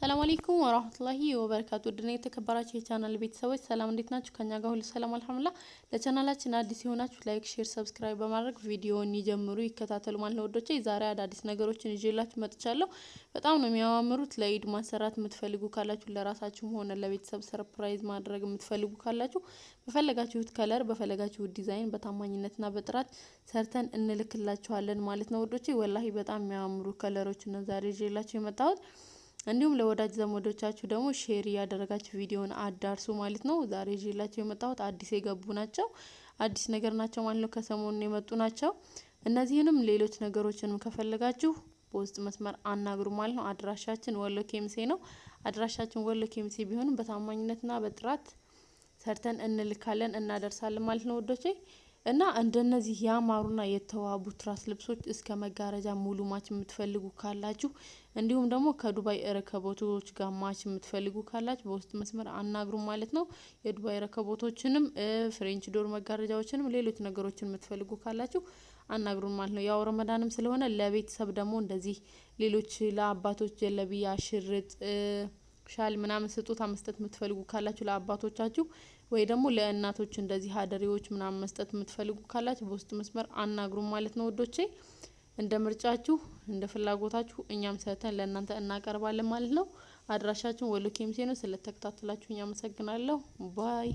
ሰላም አለይኩም ወራህመቱላሂ ወበረካቱ። ድና የተከበራችሁ የቻናል ቤተሰቦች ሰላም እንዴት ናችሁ? ከኛ ጋር ሁሉ ሰላም አልሐምዱሊላህ። ለቻናላችን አዲስ የሆናችሁ ላይክ፣ ሼር፣ ሰብስክራይብ በማድረግ ቪዲዮውን ይጀምሩ ይከታተሉ ማለት ነው ወዶቼ። ዛሬ አዳዲስ ነገሮችን ይዤላችሁ መጥቻለሁ። በጣም ነው የሚያማምሩት። ለኢድ ማሰራት የምትፈልጉ ካላችሁ፣ ለራሳችሁም ሆነ ለቤተሰብ ሰርፕራይዝ ማድረግ የምትፈልጉ ካላችሁ በፈለጋችሁት ከለር በፈለጋችሁት ዲዛይን በታማኝነትና በጥራት ሰርተን እንልክላችኋለን ማለት ነው ወዶቼ። ወላሂ በጣም የሚያማምሩ ከለሮች ነው ዛሬ ይዤላችሁ የመጣሁት እንዲሁም ለወዳጅ ዘመዶቻችሁ ደግሞ ሼር እያደረጋችሁ ቪዲዮን አዳርሱ ማለት ነው። ዛሬ ይዤላቸው የመጣሁት አዲስ የገቡ ናቸው። አዲስ ነገር ናቸው ማለት ነው። ከሰሞኑ የመጡ ናቸው። እነዚህንም ሌሎች ነገሮችንም ከፈለጋችሁ በውስጥ መስመር አናግሩ ማለት ነው። አድራሻችን ወሎ ኬሚሴ ነው። አድራሻችን ወሎ ኬሚሴ ቢሆንም በታማኝነትና በጥራት ሰርተን እንልካለን፣ እናደርሳለን ማለት ነው ወዶቼ እና እንደነዚህ ያማሩና የተዋቡ ትራስ ልብሶች እስከ መጋረጃ ሙሉ ማች የምትፈልጉ ካላችሁ እንዲሁም ደግሞ ከዱባይ ረከቦቶች ጋር ማች የምትፈልጉ ካላችሁ በውስጥ መስመር አናግሩ ማለት ነው። የዱባይ ረከቦቶችንም ፍሬንች ዶር መጋረጃዎችንም ሌሎች ነገሮችን የምትፈልጉ ካላችሁ አናግሩን ማለት ነው። ያው ረመዳንም ስለሆነ ለቤተሰብ ደግሞ እንደዚህ ሌሎች ለአባቶች ጀለቢያ፣ ሽርጥ ሻል ምናምን ስጦታ መስጠት የምትፈልጉ ካላችሁ ለአባቶቻችሁ ወይ ደግሞ ለእናቶች እንደዚህ አደሬዎች ምናምን መስጠት የምትፈልጉ ካላችሁ በውስጥ መስመር አናግሩም ማለት ነው ወዶቼ። እንደ ምርጫችሁ እንደ ፍላጎታችሁ እኛም ሰተን ለእናንተ እናቀርባለን ማለት ነው። አድራሻችን ወሎ ኬሚሴ ነው። ስለተከታተላችሁ እኛ አመሰግናለሁ ባይ